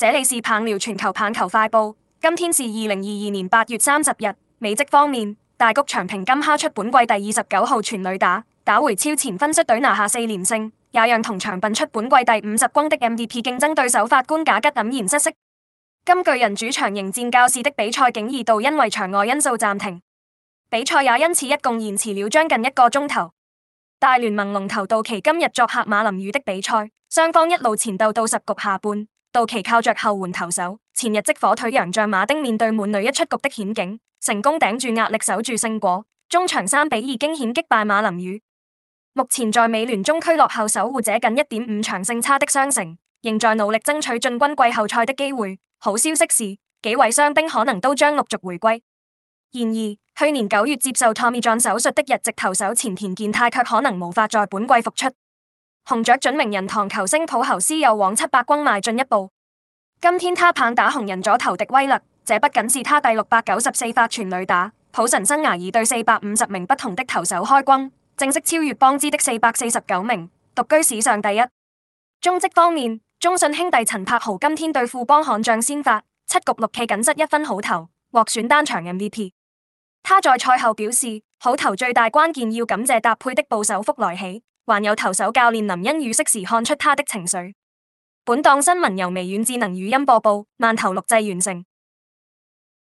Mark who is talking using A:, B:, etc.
A: 這裡是棒聊全球棒球快報，今天是二零二二年八月三十日。美職方面，大谷翔平今敲出本季第二十九號全壘打，打回超前分，率隊拿下四連勝，也讓同場笨出本季第五十冠的 MVP 競爭對手法官賈吉黯然失色。金巨人主場迎戰教士的比賽，竟二度因為場外因素暫停，比賽也因此一共延遲了將近一個鐘頭。大聯盟龍頭道奇今日作客馬林魚的比賽，雙方一路纏鬥到十局下半。到期靠着後援投手前日即火腿洋將馬丁，面對滿壘一出局的險境，成功頂住壓力，守住勝果，中場三比二驚險擊敗馬林魚。目前在美聯中區落後守護者近一點五場勝差的雙城，仍在努力爭取進軍季後賽的機會。好消息是，幾位傷兵可能都將陸續回歸。然而，去年九月接受 Tommy John 手術的日籍投手前田健太卻可能無法在本季復出。紅雀準名人堂球星普侯斯又往七百轟邁進一步。今天他棒打紅人左投的威力，這不僅是他第六百九十四發全壘打，普神生涯已對四百五十名不同的投手開轟，正式超越邦茲的四百四十九名，獨居史上第一。中職方面，中信兄弟陳柏豪今天對富邦悍將先發，七局六騎僅失一分好投，獲選單場 MVP。他在賽後表示，好投最大關鍵要感謝搭配的捕手福來起。還有投手教練林欣雨適時看出他的情緒。本檔新聞由微軟智能語音播報，慢頭錄製完成。